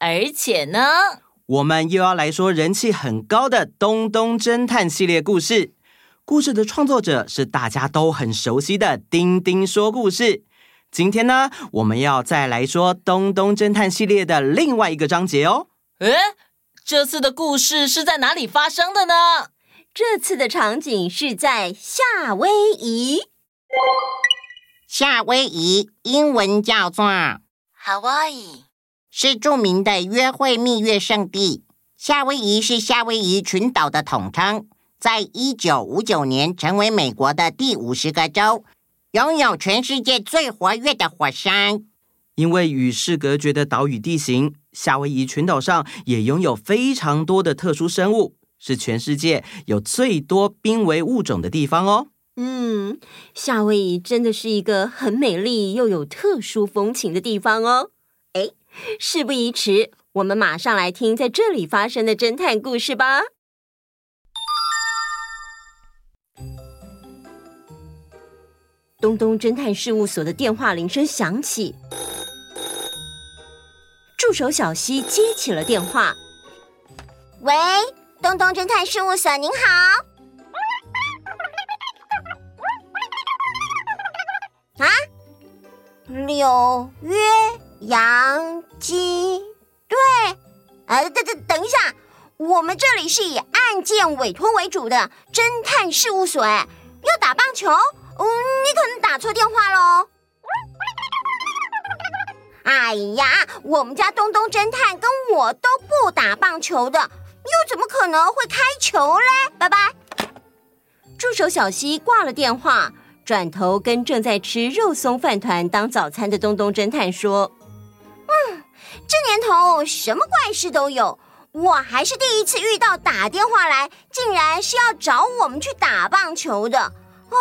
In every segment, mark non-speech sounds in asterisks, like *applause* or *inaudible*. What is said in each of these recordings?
而且呢，我們又要來說人氣很高的《東東偵探》系列故事。故事的創作者是大家都很熟悉的丁丁說故事。今天呢，我們要再來說《東東偵探》系列的另外一個章節哦。誒，這次的故事是在哪裡發生的呢？這次的場景是在夏威夷。夏威夷英文叫做 Hawaii。是著名的約會蜜月聖地。夏威夷是夏威夷群島的統稱，在一九五九年成為美國的第五十個州，擁有全世界最活躍的火山。因為與世隔絕的島嶼地形，夏威夷群島上也擁有非常多的特殊生物，是全世界有最多瀕危物種的地方哦。嗯，夏威夷真的是一個很美麗又有特殊風情的地方哦。誒。事不宜遲，我們馬上來聽在這裡發生的偵探故事吧。東東偵探事務所的電話鈴聲響起，助手小希接起了電話：“喂，東東偵探事務所，您好。”啊，紐約。洋基，對，呃，等、等、等一下，我們這裡是以案件委托為主的偵探事務所，要打棒球，嗯，你可能打錯電話嘍。哎呀，我們家東東偵探跟我都不打棒球的，又怎麼可能會開球嘞？拜拜。助手小希掛了電話，轉頭跟正在吃肉鬆飯糰當早餐的東東偵探說。嗯，這年頭什麼怪事都有，我還是第一次遇到打電話來，竟然是要找我們去打棒球的。哦，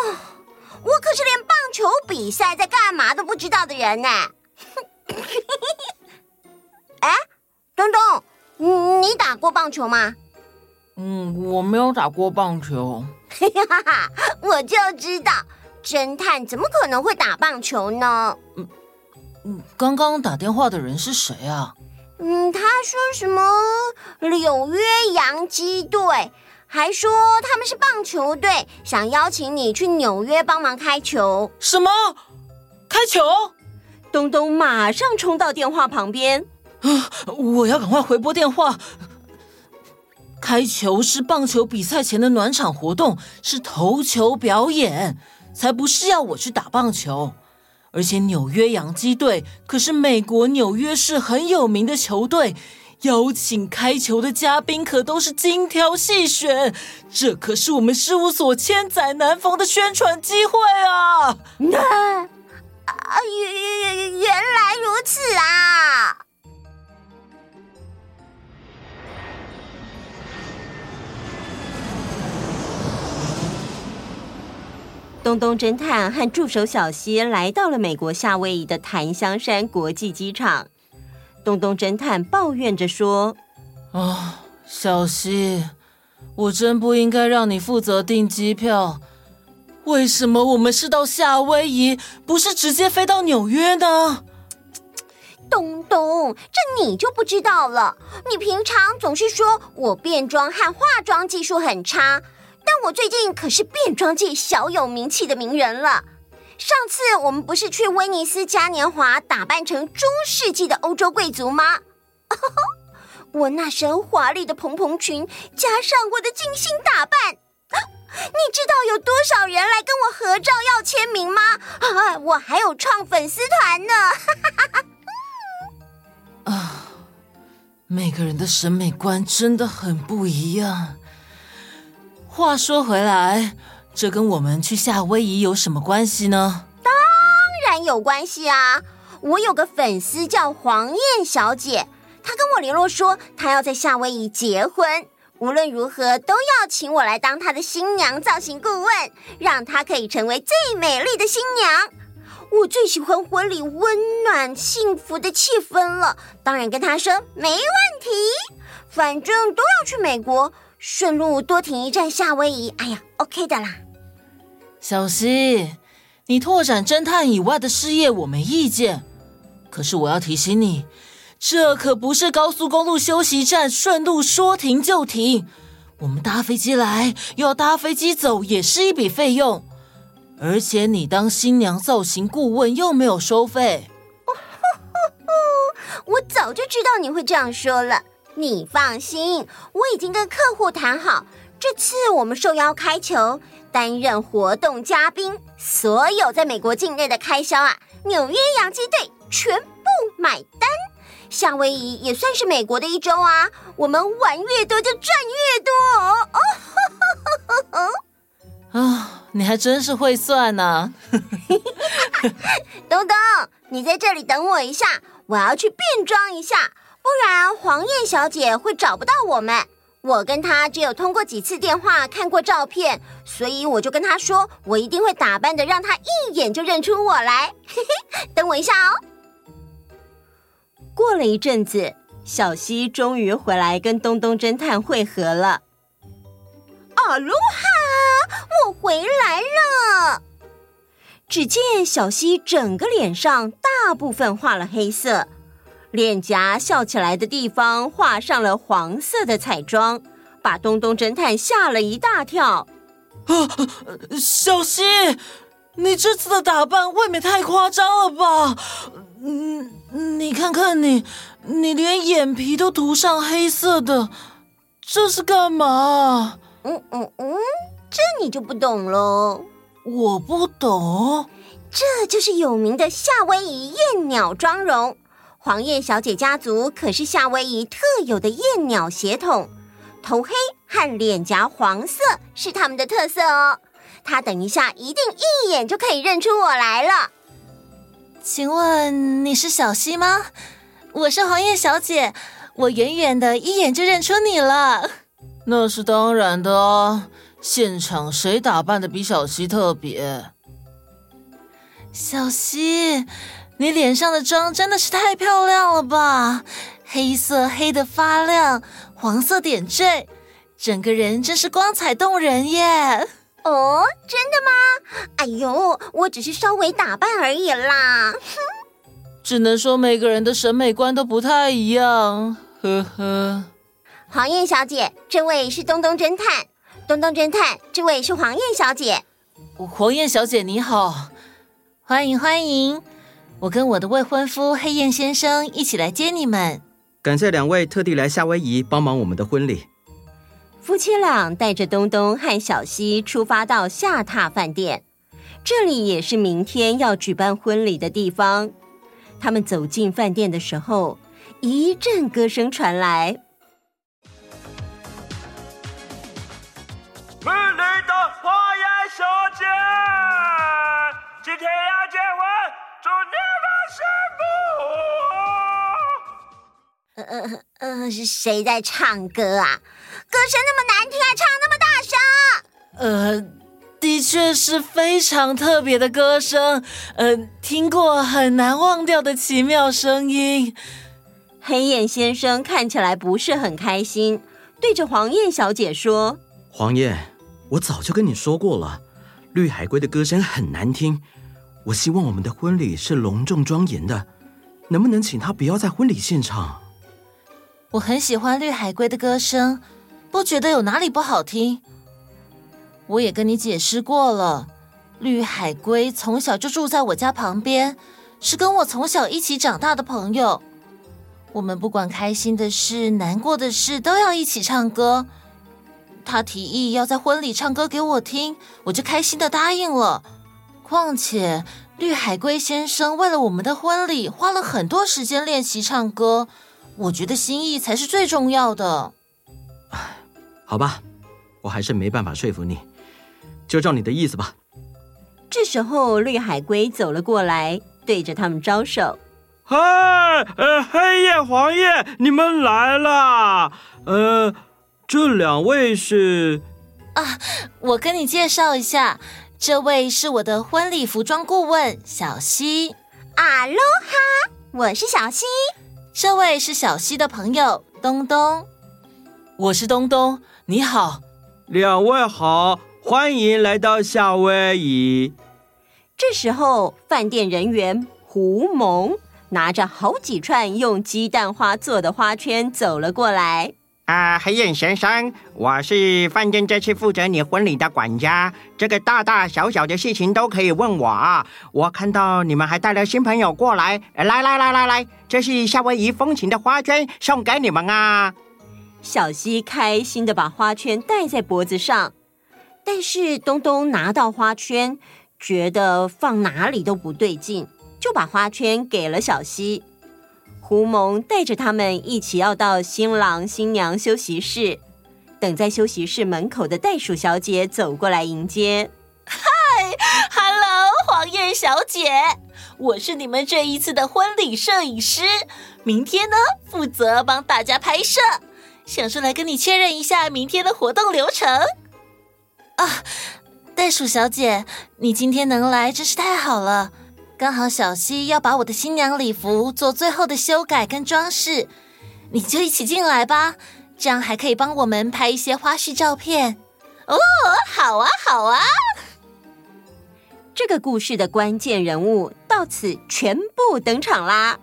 我可是連棒球比賽在幹嘛都不知道的人呢、啊。哎， *coughs* 東東你，你打過棒球嗎？嗯，我沒有打過棒球。哈哈，我就知道，偵探怎麼可能會打棒球呢？嗯。剛剛打電話的人是誰啊？嗯，他說什麼紐約洋基隊，還說他們是棒球隊，想邀請你去紐約幫忙開球。什麼？開球？東東馬上衝到電話旁邊，啊，我要趕快回撥電話。開球是棒球比賽前的暖場活動，是投球表演，才不是要我去打棒球。而且紐約洋基隊可是美國紐約市很有名的球隊，邀請開球的嘉賓可都是精挑細選，這可是我們事務所千載難逢的宣傳機會啊！東東偵探和助手小希來到了美國夏威夷的檀香山國際機場。東東偵探抱怨着說：“啊、哦，小希，我真不應該讓你負責訂機票。為什麼我們是到夏威夷，不是直接飛到紐約呢？”東東，這你就不知道了。你平常總是說我變裝和化妝技術很差。但我最近可是變裝界小有名氣的名人了。上次我們不是去威尼斯嘉年華打扮成中世紀的歐洲貴族嗎、哦？我那身華麗的蓬蓬裙，加上我的精心打扮，啊、你知道有多少人來跟我合照要簽名嗎、啊？我還有創粉絲團呢。 *laughs* 啊，每個人的審美觀真的很不一樣。話說回來，這跟我們去夏威夷有什麼關係呢？當然有關係啊！我有個粉絲叫黃燕小姐，她跟我聯絡說，她要在夏威夷結婚，無論如何都要請我來當她的新娘造型顧問，讓她可以成為最美麗的新娘。我最喜歡婚禮溫暖幸福的氣氛了，當然跟她說沒問題，反正都要去美國。順路多停一站夏威夷，哎呀，OK 的啦。小希，你拓展偵探以外的事業我沒意見，可是我要提醒你，這可不是高速公路休息站，順路說停就停。我們搭飛機來，又要搭飛機走，也是一筆費用。而且你當新娘造型顧問又沒有收費。 *laughs* 我早就知道你會這樣說了。你放心，我已經跟客戶談好，這次我們受邀開球，擔任活動嘉賓，所有在美國境內的開銷啊，紐約洋基隊全部買單。夏威夷也算是美國的一州啊，我們玩越多就賺越多哦。哦，你還真是會算吶、啊！ *laughs* *laughs* 東東，你在這裡等我一下，我要去變裝一下。不然黃燕小姐會找不到我們。我跟她只有通過幾次電話看過照片，所以我就跟她說，我一定會打扮的讓她一眼就認出我來。嘿嘿，等我一下哦。過了一陣子，小希終於回來跟東東偵探會合了。阿魯哈，我回來了！只見小希整個臉上大部分畫了黑色。臉頰笑起來的地方畫上了黃色的彩妝，把東東偵探嚇了一大跳。啊，小希，你這次的打扮未免太誇張了吧？嗯，你看看你，你連眼皮都塗上黑色的，這是幹嘛？嗯嗯嗯，這你就不懂了。我不懂，這就是有名的夏威夷豔鳥妝容。黃燕小姐家族可是夏威夷特有的燕鳥血統，頭黑和臉頰黃色是他們的特色哦。她等一下一定一眼就可以認出我來了。請問你是小希嗎？我是黃燕小姐，我遠遠的一眼就認出你了。那是當然的啊。現場誰打扮得比小希特別？小希。你臉上的妝真的是太漂亮了吧！黑色黑的發亮，黃色點綴，整個人真是光彩動人耶！哦，真的嗎？哎呦，我只是稍微打扮而已啦。哼。只能說每個人的審美觀都不太一樣，呵呵。黃燕小姐，這位是東東偵探。東東偵探，這位是黃燕小姐。黃燕小姐，你好，歡迎歡迎。我跟我的未婚夫黑燕先生一起來接你們。感謝兩位特地來夏威夷幫忙我們的婚禮。夫妻倆帶着東東和小希出發到下榻飯店，這裡也是明天要舉辦婚禮的地方。他們走進飯店的時候，一陣歌聲傳來。美麗的花言小姐，今天要結婚。是誰在唱歌啊？歌聲那麼難聽，還唱那麼大聲！呃，的確是非常特別的歌聲，呃，聽過很難忘掉的奇妙聲音。黑眼先生看起來不是很開心，對着黃燕小姐說：“黃燕，我早就跟你說過了，綠海龜的歌聲很難聽。我希望我們的婚禮是隆重莊嚴的，能不能請他不要在婚禮現場？”我很喜歡綠海龜的歌聲，不覺得有哪裡不好聽。我也跟你解釋過了，綠海龜從小就住在我家旁邊，是跟我從小一起長大的朋友。我們不管開心的事、難過的事，都要一起唱歌。他提議要在婚禮唱歌給我聽，我就開心的答應了。況且，綠海龜先生為了我們的婚禮，花了很多時間練習唱歌。我覺得心意才是最重要的。啊，好吧，我還是沒辦法說服你，就照你的意思吧。這時候，綠海龜走了過來，對着他們招手：“嗨，呃，黑夜黃葉，你們來啦？呃，這兩位是……啊，我跟你介紹一下，這位是我的婚禮服裝顧問小希。阿羅哈，我是小希。”這位是小希的朋友東東，我是東東，你好，兩位好，歡迎來到夏威夷。這時候，飯店人員胡蒙拿着好幾串用雞蛋花做的花圈走了過來。啊，黑眼先生，我是飯店這次負責你婚禮的管家，這個大大小小的事情都可以問我啊。我看到你們還帶了新朋友過來，來來來來來，這是夏威夷風情的花圈送給你們啊。小希開心的把花圈戴在脖子上，但是東東拿到花圈，覺得放哪裡都不對勁，就把花圈給了小希。胡蒙帶着他們一起要到新郎新娘休息室，等在休息室門口的袋鼠小姐走過來迎接。嗨，哈嘍，黃燕小姐，我是你們這一次的婚禮攝影師，明天呢負責幫大家拍攝，想說來跟你確認一下明天的活動流程。啊，袋鼠小姐，你今天能來真是太好了。剛好小希要把我的新娘禮服做最後的修改跟裝飾，你就一起進來吧，這樣還可以幫我們拍一些花絮照片。哦，好啊，好啊！這個故事的關鍵人物到此全部登場啦。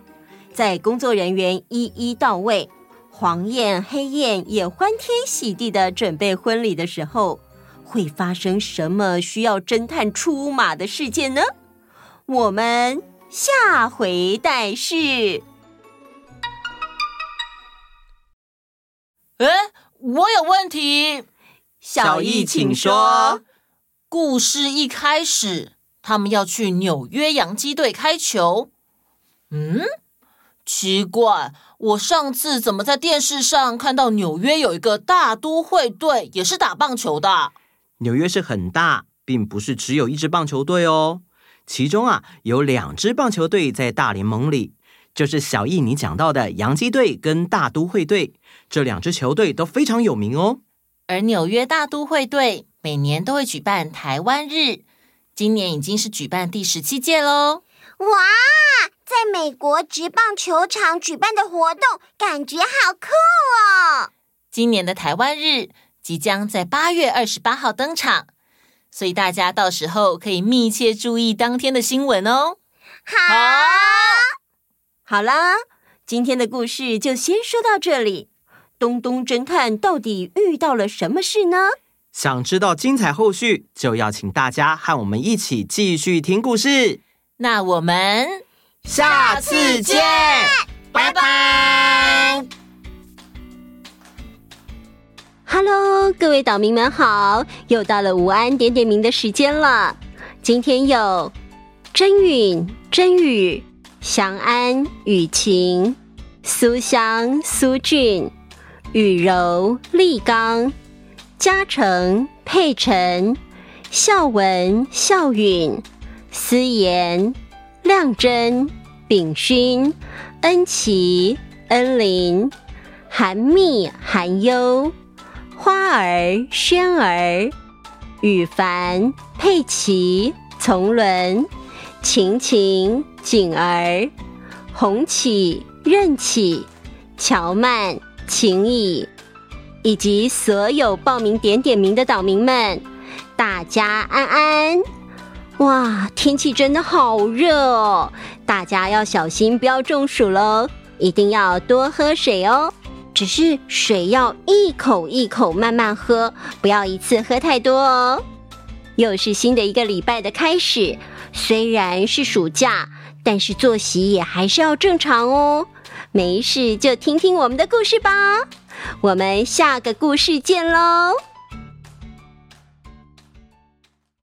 在工作人員一一到位，黃燕、黑燕也歡天喜地的準備婚禮的時候，會發生什麼需要偵探出馬的事件呢？我們下回待續。哎，我有問題，小希。請說。故事一開始，他們要去紐約洋基隊開球。嗯，奇怪，我上次怎麼在電視上看到紐約有一個大都會隊，也是打棒球的？紐約是很大，並不是只有一支棒球隊哦。其中啊，有兩支棒球隊在大聯盟裡，就是小希你講到的洋基隊跟大都會隊，這兩支球隊都非常有名哦。而紐約大都會隊每年都會舉辦台灣日，今年已經是舉辦第十七屆嘍。哇，在美國職棒球場舉辦的活動，感覺好酷哦！今年的台灣日即將在八月二十八號登場。所以大家到時候可以密切注意當天的新聞哦。好，好啦，今天的故事就先說到這裡。東東偵探到底遇到了什麼事呢？想知道精彩後續，就要請大家和我們一起繼續聽故事。那我們下次見，拜拜。Hello，各位島民們好！又到了午安點點名的時間了。今天有真允、真宇、祥安、雨晴、蘇香、蘇俊、雨柔、立剛、嘉誠、佩辰、孝文、孝允、思妍、亮真、炳勳、恩琪、恩琳、韓密、韓優、韓花兒、軒兒、羽凡、佩奇、從倫、晴晴、景兒、紅起、任起、喬曼、晴雨，以及所有報名點點名的島民們，大家安安。哇，天氣真的好熱哦，大家要小心，不要中暑嘍，一定要多喝水哦。只是水要一口一口慢慢喝，不要一次喝太多哦。又是新的一個禮拜的開始，雖然是暑假，但是作息也還是要正常哦。沒事就聽聽我們的故事吧，我們下個故事見嘍。